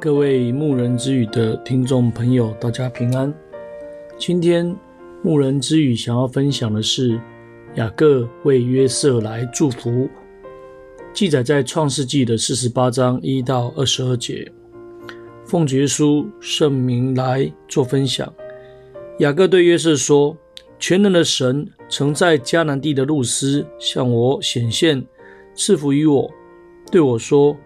各位牧人之語的聽眾朋友，大家平安。今天牧人之語想要分享的是雅各為約瑟來祝福，記載在創世紀的四十八章一到二十二節。奉主耶穌聖名來做分享。雅各對約瑟說：“全能的神曾在迦南地的路斯向我顯現，賜福於我，對我說。”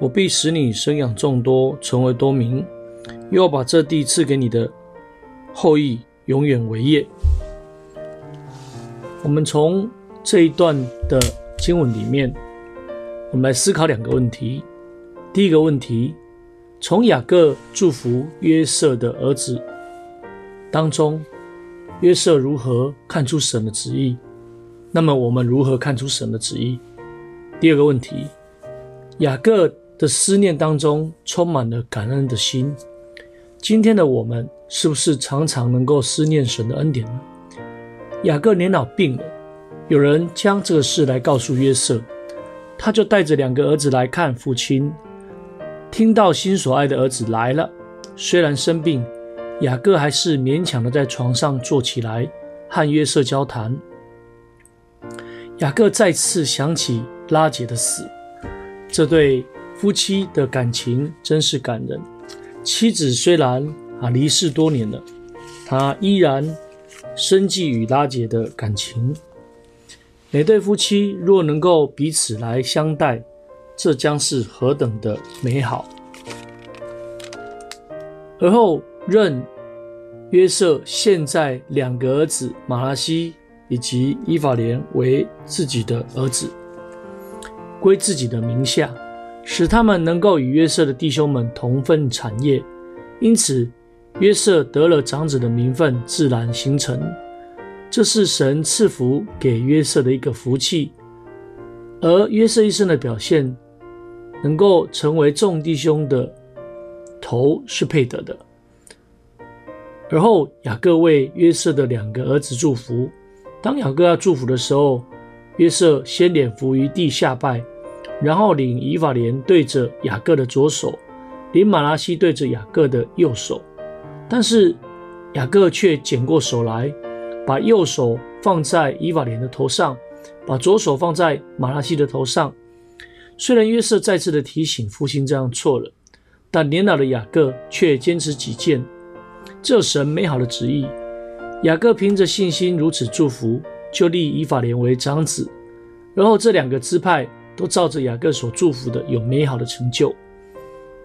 我必使你生養眾多，成為多民；又要把這地賜給你的後裔，永遠為業。我們從這一段的經文裡面，我們來思考兩個問題。第一個問題，從雅各祝福約瑟的兒子當中，約瑟如何看出神的旨意？那麼我們如何看出神的旨意？第二個問題，雅各。的思念當中充滿了感恩的心。今天的我們是不是常常能夠思念神的恩典呢？雅各年老病了，有人將這個事來告訴約瑟，他就帶着兩個兒子來看父親。聽到心所愛的兒子來了，雖然生病，雅各還是勉強的在床上坐起來，和約瑟交談。雅各再次想起拉結的死，這對。夫妻的感情真是感人。妻子雖然啊離世多年了，他依然深記與拉結的感情。每對夫妻若能夠彼此來相待，這將是何等的美好！而後，認約瑟現在兩個兒子瑪拿西以及以法蓮為自己的兒子，歸自己的名下。使他們能夠與約瑟的弟兄們同分產業，因此約瑟得了長子的名分，自然形成。這是神賜福給約瑟的一個福氣，而約瑟一生的表現能夠成為眾弟兄的頭，是配得的。而後雅各為約瑟的兩個兒子祝福，當雅各要祝福的時候，約瑟先臉伏於地下拜。然後領以法蓮對着雅各的左手，領馬拉西對着雅各的右手，但是雅各卻撿過手來，把右手放在以法蓮的頭上，把左手放在馬拉西的頭上。雖然約瑟再次的提醒父親這樣錯了，但年老的雅各卻堅持己見。這神美好的旨意，雅各憑着信心如此祝福，就立以法蓮為長子，然後這兩個支派。都照着雅各所祝福的，有美好的成就。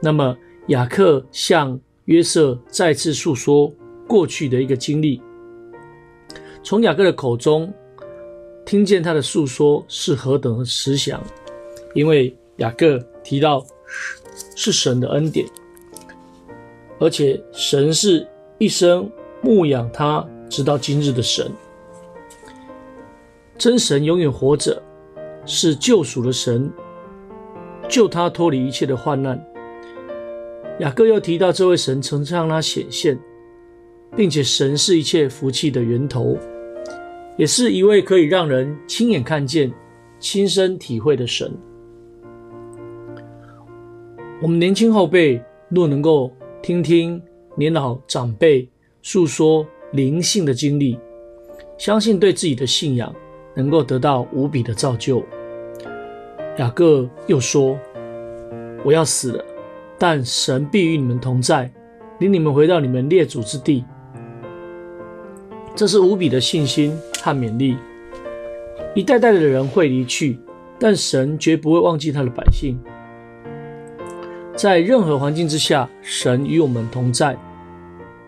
那麼，雅各向約瑟再次訴說過去的一個經歷。從雅各的口中聽見他的訴說是何等的慈祥，因為雅各提到是神的恩典，而且神是一生牧養他直到今日的神。真神永遠活着。是救贖的神，救他脫離一切的患難。雅各又提到這位神曾讓他顯現，並且神是一切福氣的源頭，也是一位可以讓人親眼看見、親身體會的神。我們年輕後輩若能夠聽聽年老長輩訴說靈性的經歷，相信對自己的信仰。能夠得到無比的造就。雅各又說：“我要死了，但神必與你們同在，領你們回到你們列祖之地。”這是無比的信心和勉勵。一代代的人會離去，但神絕不會忘記他的百姓。在任何環境之下，神與我們同在，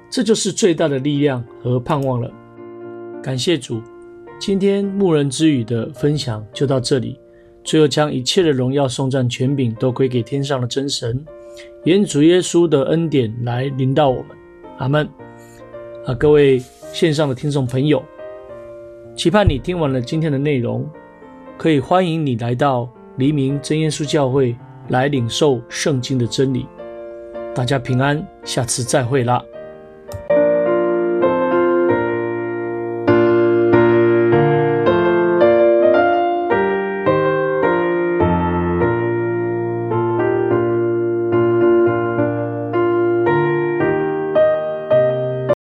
這就是最大的力量和盼望了。感謝主。今天牧人之語的分享就到這裡。最後，將一切的榮耀、頌讚、權柄都歸給天上的真神，願主耶穌的恩典來臨到我們。阿門。啊，各位線上的聽眾朋友，期盼你聽完了今天的內容，可以歡迎你來到黎明真耶穌教會來領受聖經的真理。大家平安，下次再會啦。